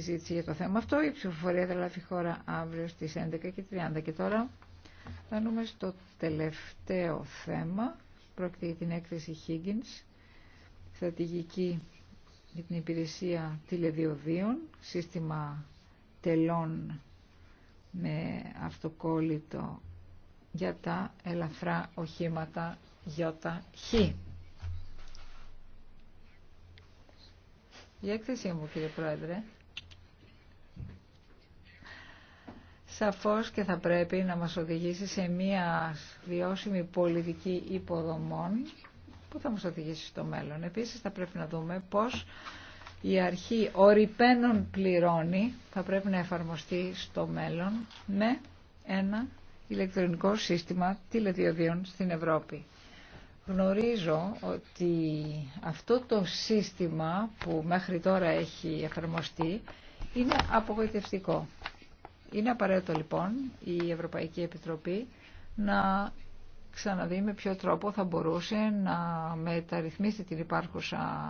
συζήτηση για το θέμα αυτό. Η ψηφοφορία θα λάβει χώρα αύριο στις 11.30 και τώρα φτάνουμε στο τελευταίο θέμα. Πρόκειται για την έκθεση Higgins, στρατηγική για την υπηρεσία τηλεδιοδίων, σύστημα τελών με αυτοκόλλητο για τα ελαφρά οχήματα ΙΧ. Η έκθεσή μου, κύριε Πρόεδρε, σαφώς και θα πρέπει να μας οδηγήσει σε μια βιώσιμη πολιτική υποδομών που θα μας οδηγήσει στο μέλλον. Επίσης θα πρέπει να δούμε πώς η αρχή ορυπαίνων πληρώνει θα πρέπει να εφαρμοστεί στο μέλλον με ένα ηλεκτρονικό σύστημα τηλεδιοδίων στην Ευρώπη. Γνωρίζω ότι αυτό το σύστημα που μέχρι τώρα έχει εφαρμοστεί είναι απογοητευτικό. Είναι απαραίτητο λοιπόν η Ευρωπαϊκή Επιτροπή να ξαναδεί με ποιο τρόπο θα μπορούσε να μεταρρυθμίσει την υπάρχουσα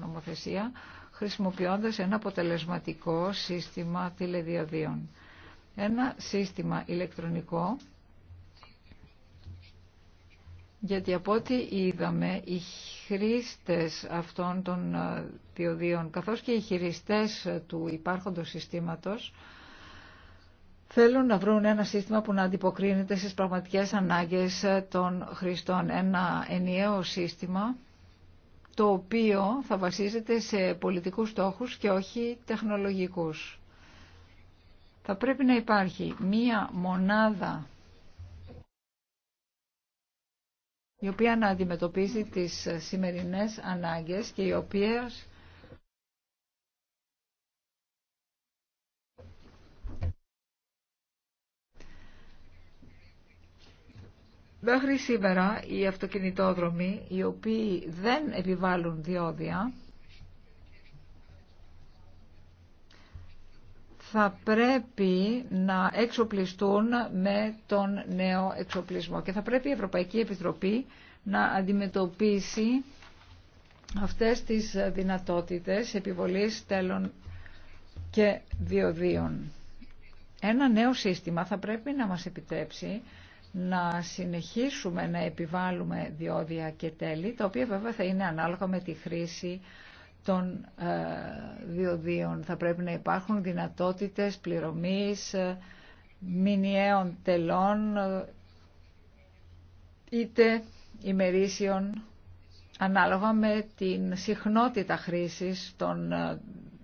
νομοθεσία χρησιμοποιώντας ένα αποτελεσματικό σύστημα τηλεδιαδίων. Ένα σύστημα ηλεκτρονικό γιατί από ό,τι είδαμε οι χρήστες αυτών των διοδίων καθώς και οι χειριστές του υπάρχοντος συστήματος θέλουν να βρουν ένα σύστημα που να αντιποκρίνεται στις πραγματικές ανάγκες των χρηστών. Ένα ενιαίο σύστημα το οποίο θα βασίζεται σε πολιτικούς στόχους και όχι τεχνολογικούς. Θα πρέπει να υπάρχει μία μονάδα η οποία να αντιμετωπίζει τις σημερινές ανάγκες και η οποία Μέχρι σήμερα οι αυτοκινητόδρομοι οι οποίοι δεν επιβάλλουν διόδια θα πρέπει να εξοπλιστούν με τον νέο εξοπλισμό και θα πρέπει η Ευρωπαϊκή Επιτροπή να αντιμετωπίσει αυτές τις δυνατότητες επιβολής τέλων και διοδίων. Ένα νέο σύστημα θα πρέπει να μας επιτρέψει να συνεχίσουμε να επιβάλλουμε διόδια και τέλη, τα οποία βέβαια θα είναι ανάλογα με τη χρήση των ε, διοδίων. Θα πρέπει να υπάρχουν δυνατότητες πληρωμής ε, μηνιαίων τελών, ε, είτε ημερήσιων, ανάλογα με την συχνότητα χρήσης των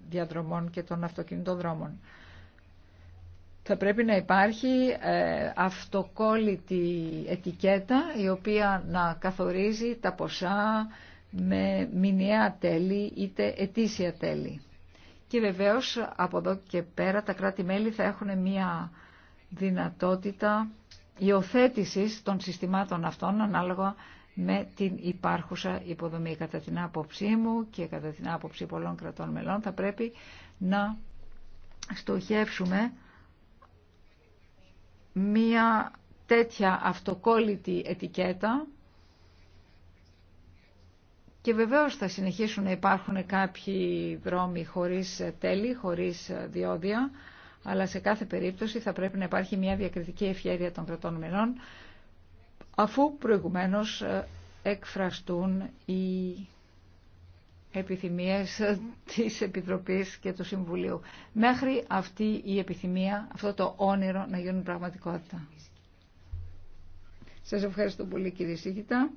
διαδρομών και των αυτοκινητοδρόμων θα πρέπει να υπάρχει ε, αυτοκόλλητη ετικέτα η οποία να καθορίζει τα ποσά με μηνιαία τέλη είτε ετήσια τέλη. Και βεβαίως από εδώ και πέρα τα κράτη-μέλη θα έχουν μία δυνατότητα υιοθέτηση των συστημάτων αυτών ανάλογα με την υπάρχουσα υποδομή. Κατά την άποψή μου και κατά την άποψη πολλών κρατών μελών θα πρέπει να στοχεύσουμε μία τέτοια αυτοκόλλητη ετικέτα και βεβαίως θα συνεχίσουν να υπάρχουν κάποιοι δρόμοι χωρίς τέλη, χωρίς διόδια, αλλά σε κάθε περίπτωση θα πρέπει να υπάρχει μια διακριτική χωρις διοδια αλλα σε καθε περιπτωση θα πρεπει να υπαρχει μια διακριτικη ευχαίρεια των κρατών μελών, αφού προηγουμένως ε, εκφραστούν οι επιθυμίες της Επιτροπής και του Συμβουλίου. Μέχρι αυτή η επιθυμία, αυτό το όνειρο να γίνουν πραγματικότητα. Σας ευχαριστώ πολύ κύριε Σίγητα.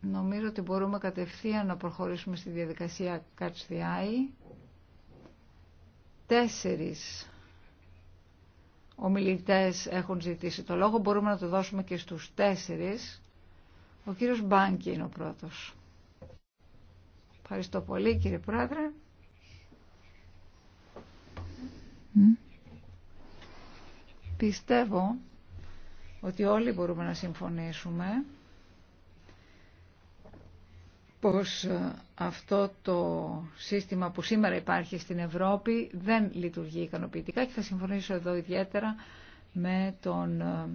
Νομίζω ότι μπορούμε κατευθείαν να προχωρήσουμε στη διαδικασία Catch the Τέσσερις ομιλητές έχουν ζητήσει το λόγο. Μπορούμε να το δώσουμε και στους τέσσερις. Ο κύριος Μπάνκι είναι ο πρώτος. Ευχαριστώ πολύ κύριε Πρόεδρε. Πιστεύω ότι όλοι μπορούμε να συμφωνήσουμε πως ε, αυτό το σύστημα που σήμερα υπάρχει στην Ευρώπη δεν λειτουργεί ικανοποιητικά και θα συμφωνήσω εδώ ιδιαίτερα με τον ε,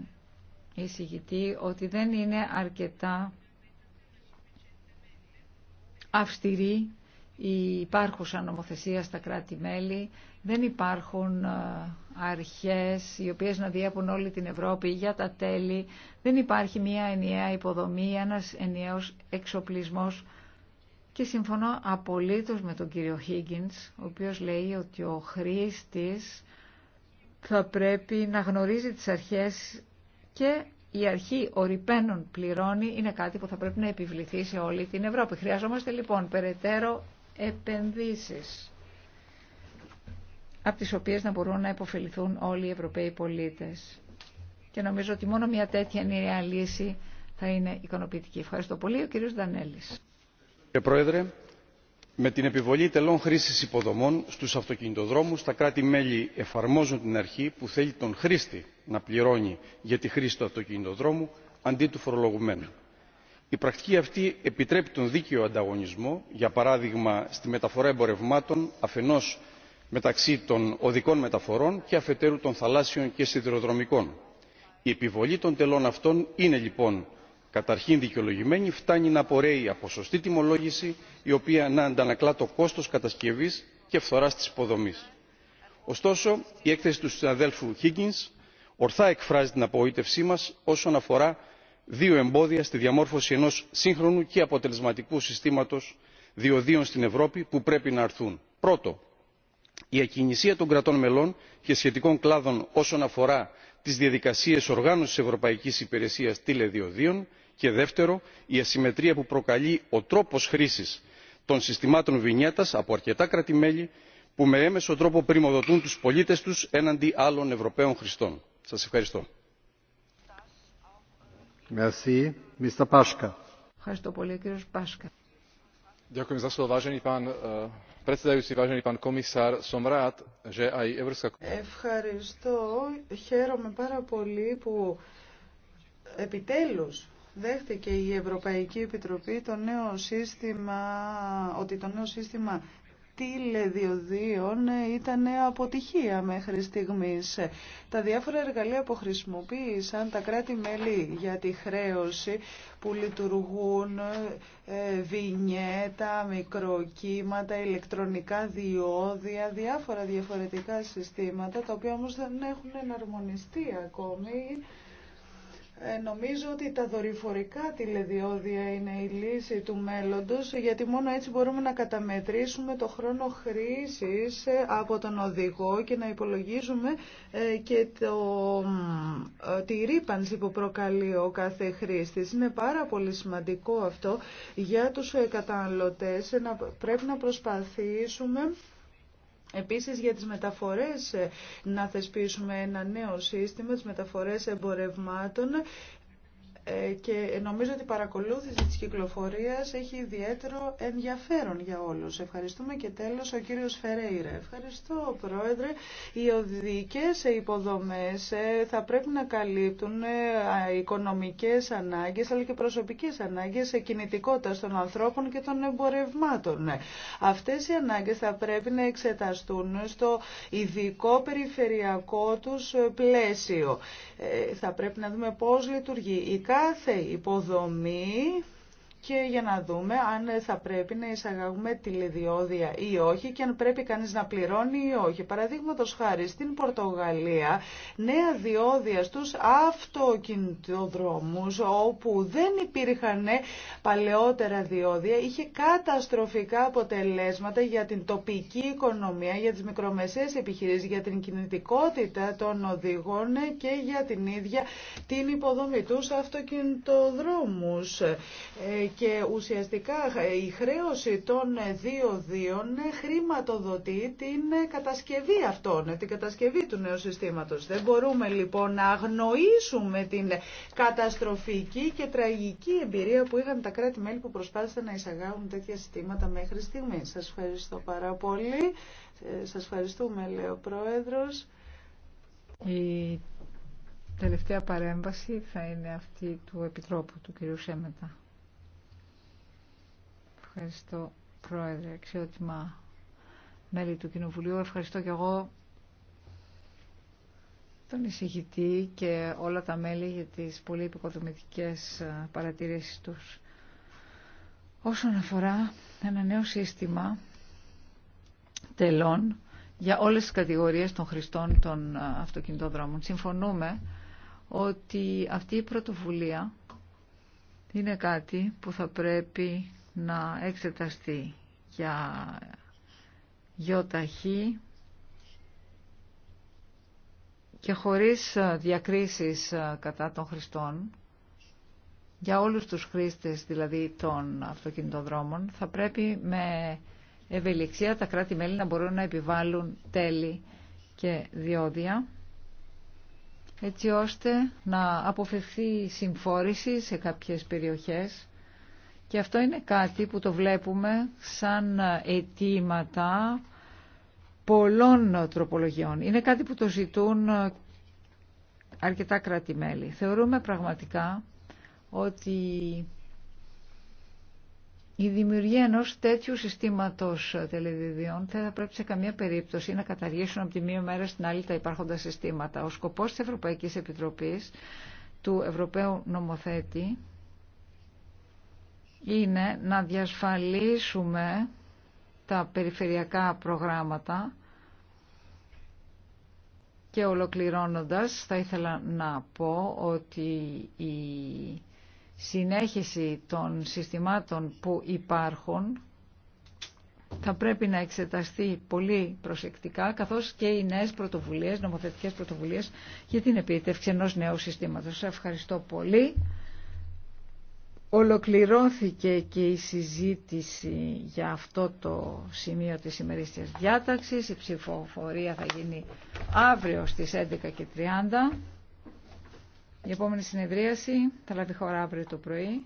εισηγητή ότι δεν είναι αρκετά αυστηρή η υπάρχουσα νομοθεσία στα κράτη-μέλη, δεν υπάρχουν ε, αρχές οι οποίες να διέπουν όλη την Ευρώπη για τα τέλη, δεν υπάρχει μια ενιαία υποδομή, ένας ενιαίος εξοπλισμός και συμφωνώ απολύτως με τον κύριο Higgins, ο οποίος λέει ότι ο χρήστης θα πρέπει να γνωρίζει τις αρχές και η αρχή ορυπαίνων πληρώνει είναι κάτι που θα πρέπει να επιβληθεί σε όλη την Ευρώπη. Χρειαζόμαστε λοιπόν περαιτέρω επενδύσεις από τις οποίες να μπορούν να υποφεληθούν όλοι οι Ευρωπαίοι πολίτες. Και νομίζω ότι μόνο μια τέτοια νέα λύση θα είναι ικανοποιητική. Ευχαριστώ πολύ. Ο κύριος Δανέλης με την επιβολή τελών χρήσης υποδομών στους αυτοκινητοδρόμους τα κράτη μέλη εφαρμόζουν την αρχή που θέλει τον χρήστη να πληρώνει για τη χρήση του αυτοκινητοδρόμου αντί του φορολογουμένου. η πρακτική αυτή επιτρέπει τον δίκαιο ανταγωνισμό για παράδειγμα στη μεταφορά εμπορευμάτων αφενός μεταξύ των οδικών μεταφορών και αφετέρου των θαλάσσιων και σιδηροδρομικών. η επιβολή των τελών αυτών είναι λοιπόν καταρχήν δικαιολογημένη φτάνει να απορρέει από σωστή τιμολόγηση η οποία να αντανακλά το κόστος κατασκευής και φθοράς τη υποδομή. ωστόσο η έκθεση του συναδέλφου higgins ορθά εκφράζει την απογοήτευσή μας όσον αφορά δύο εμπόδια στη διαμόρφωση ενός σύγχρονου και αποτελεσματικού συστήματος διοδίων στην ευρώπη που πρέπει να αρθούν. πρώτο η ακινησία των κρατών μελών και σχετικών κλάδων όσον αφορά τι διαδικασίε οργάνωσης Ευρωπαϊκή ευρωπαϊκής υπηρεσίας τηλεδιοδίων και δεύτερο η ασυμμετρία που προκαλεί ο τρόπος χρήσης των συστημάτων βινιέτας από αρκετά κράτη μέλη που με έμεσο τρόπο πρημοδοτούν του πολίτε τους έναντι άλλων ευρωπαίων χρηστών. Σας ευχαριστώ. E, Ευχαριστώ. Χαίρομαι πάρα πολύ που επιτέλους δέχτηκε η Ευρωπαϊκή Επιτροπή το νέο ότι το νέο σύστημα 2.2 ήταν αποτυχία μέχρι στιγμής. Τα διάφορα εργαλεία που χρησιμοποίησαν τα κράτη-μέλη για τη χρέωση που λειτουργούν ε, βινιέτα, μικροκύματα, ηλεκτρονικά διόδια, διάφορα διαφορετικά συστήματα, τα οποία όμως δεν έχουν εναρμονιστεί ακόμη ε, νομίζω ότι τα δορυφορικά τηλεδιόδια είναι η λύση του μέλλοντος, γιατί μόνο έτσι μπορούμε να καταμετρήσουμε το χρόνο χρήσης ε, από τον οδηγό και να υπολογίζουμε ε, και το, τη ρήπανση που προκαλεί ο κάθε χρήστης. Είναι πάρα πολύ σημαντικό αυτό για τους καταναλωτές. Να, πρέπει να προσπαθήσουμε Επίσης για τις μεταφορές ε, να θεσπίσουμε ένα νέο σύστημα, τις μεταφορές εμπορευμάτων ε, και νομίζω ότι η παρακολούθηση της κυκλοφορίας έχει ιδιαίτερο ενδιαφέρον για όλους. Ευχαριστούμε και τέλος ο κύριος Φερέιρα. Ευχαριστώ Πρόεδρε. Οι οδικές υποδομές ε, θα πρέπει να καλύπτουν ε, οικονομικές ανάγκες αλλά και προσωπικές ανάγκες κινητικότητα των ανθρώπων και των εμπορευμάτων. Αυτές οι ανάγκες θα πρέπει να εξεταστούν στο ειδικό περιφερειακό τους πλαίσιο. Θα πρέπει να δούμε πώς λειτουργεί η κάθε υποδομή και για να δούμε αν θα πρέπει να εισαγαγούμε τηλεδιόδια ή όχι και αν πρέπει κανείς να πληρώνει ή όχι. Παραδείγματο χάρη στην Πορτογαλία νέα διόδια στους αυτοκινητοδρόμους όπου δεν υπήρχαν παλαιότερα διόδια είχε καταστροφικά αποτελέσματα για την τοπική οικονομία, για τις μικρομεσαίες επιχειρήσεις, για την κινητικότητα των οδηγών και για την ίδια την υποδομή τους αυτοκινητοδρόμους ε, και ουσιαστικά ε, η χρέωση των ε, δύο δίων ε, χρηματοδοτεί την κατασκευή αυτών, την κατασκευή του νέου συστήματος. Δεν μπορούμε λοιπόν να αγνοήσουμε την καταστροφική και τραγική εμπειρία που είχαν τα κράτη-μέλη που προσπάθησαν να εισαγάγουν τέτοια συστήματα μέχρι στιγμή. Σας ευχαριστώ πάρα πολύ. Σας ευχαριστούμε, λέει ο Πρόεδρος. Η τελευταία παρέμβαση θα είναι αυτή του Επιτρόπου, του κ. Σέμετα. Ευχαριστώ, Πρόεδρε, αξιότιμα μέλη του Κοινοβουλίου. Ευχαριστώ και εγώ τον εισηγητή και όλα τα μέλη για τις πολύ επικοδομητικές ε, παρατηρήσεις τους. Όσον αφορά ένα νέο σύστημα τελών για όλες τις κατηγορίες των χρηστών των ε, αυτοκινητόδρομων, συμφωνούμε ότι αυτή η πρωτοβουλία είναι κάτι που θα πρέπει να εξεταστεί για γιοταχή και χωρίς ε, διακρίσεις ε, κατά των χρηστών, για όλους τους χρήστες δηλαδή των αυτοκινητοδρόμων, θα πρέπει με ευελιξία τα κράτη-μέλη να μπορούν να επιβάλλουν τέλη και διόδια, έτσι ώστε να αποφευθεί συμφόρηση σε κάποιες περιοχές και αυτό είναι κάτι που το βλέπουμε σαν αιτήματα πολλών τροπολογιών. Είναι κάτι που το ζητούν αρκετά κράτη-μέλη. Θεωρούμε πραγματικά ότι η δημιουργία ενός τέτοιου συστήματος τελεδιδιών δεν θα πρέπει σε καμία περίπτωση να καταργήσουν από τη μία μέρα στην άλλη τα υπάρχοντα συστήματα. Ο σκοπός της Ευρωπαϊκής Επιτροπής του Ευρωπαίου Νομοθέτη είναι να διασφαλίσουμε τα περιφερειακά προγράμματα και ολοκληρώνοντας θα ήθελα να πω ότι η συνέχιση των συστημάτων που υπάρχουν θα πρέπει να εξεταστεί πολύ προσεκτικά, καθώς και οι νέες πρωτοβουλίες, νομοθετικές πρωτοβουλίες για την επίτευξη ενός νέου συστήματος. Σας ευχαριστώ πολύ. Ολοκληρώθηκε και η συζήτηση για αυτό το σημείο της ημερήσιας διάταξης. Η ψηφοφορία θα γίνει αύριο στις 11.30. Η επόμενη συνεδρίαση θα λάβει χώρα αύριο το πρωί.